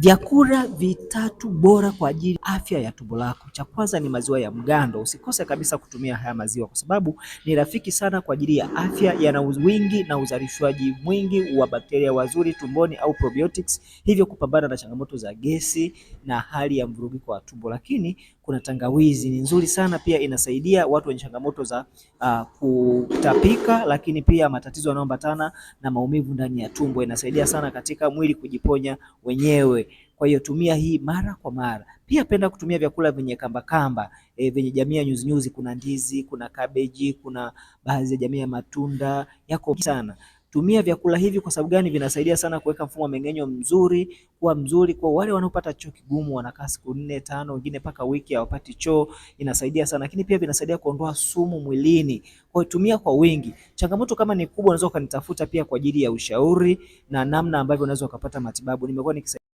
Vyakula vitatu bora kwa ajili afya ya tumbo lako. Cha kwanza ni maziwa ya mgando. Usikose kabisa kutumia haya maziwa, kwa sababu ni rafiki sana kwa ajili ya afya. Yana wingi na uzalishwaji mwingi wa bakteria wazuri tumboni au probiotics, hivyo kupambana na changamoto za gesi na hali ya mvurugiko wa tumbo. Lakini kuna tangawizi ni nzuri sana pia, inasaidia watu wenye changamoto za uh, kutapika, lakini pia matatizo yanayoambatana na maumivu ndani ya tumbo. Inasaidia sana katika mwili kujiponya wenyewe. Kwa hiyo tumia hii mara kwa mara. Pia penda kutumia vyakula vyenye kamba kamba, e, vyenye jamii ya nyuzinyuzi. Kuna ndizi, kuna kabeji, kuna baadhi ya jamii ya matunda yako sana. Tumia vyakula hivi kwa sababu gani? Vinasaidia sana kuweka mfumo wa mmeng'enyo mzuri kuwa mzuri. Kwa wale wanaopata choo kigumu, wanakaa siku nne tano, wengine mpaka wiki hawapati choo, inasaidia sana lakini pia vinasaidia kuondoa sumu mwilini. Kwa tumia kwa wingi. Changamoto kama ni kubwa, unaweza ukanitafuta pia kwa ajili ya ushauri na namna ambavyo unaweza ukapata matibabu. Nimekuwa nikisaidia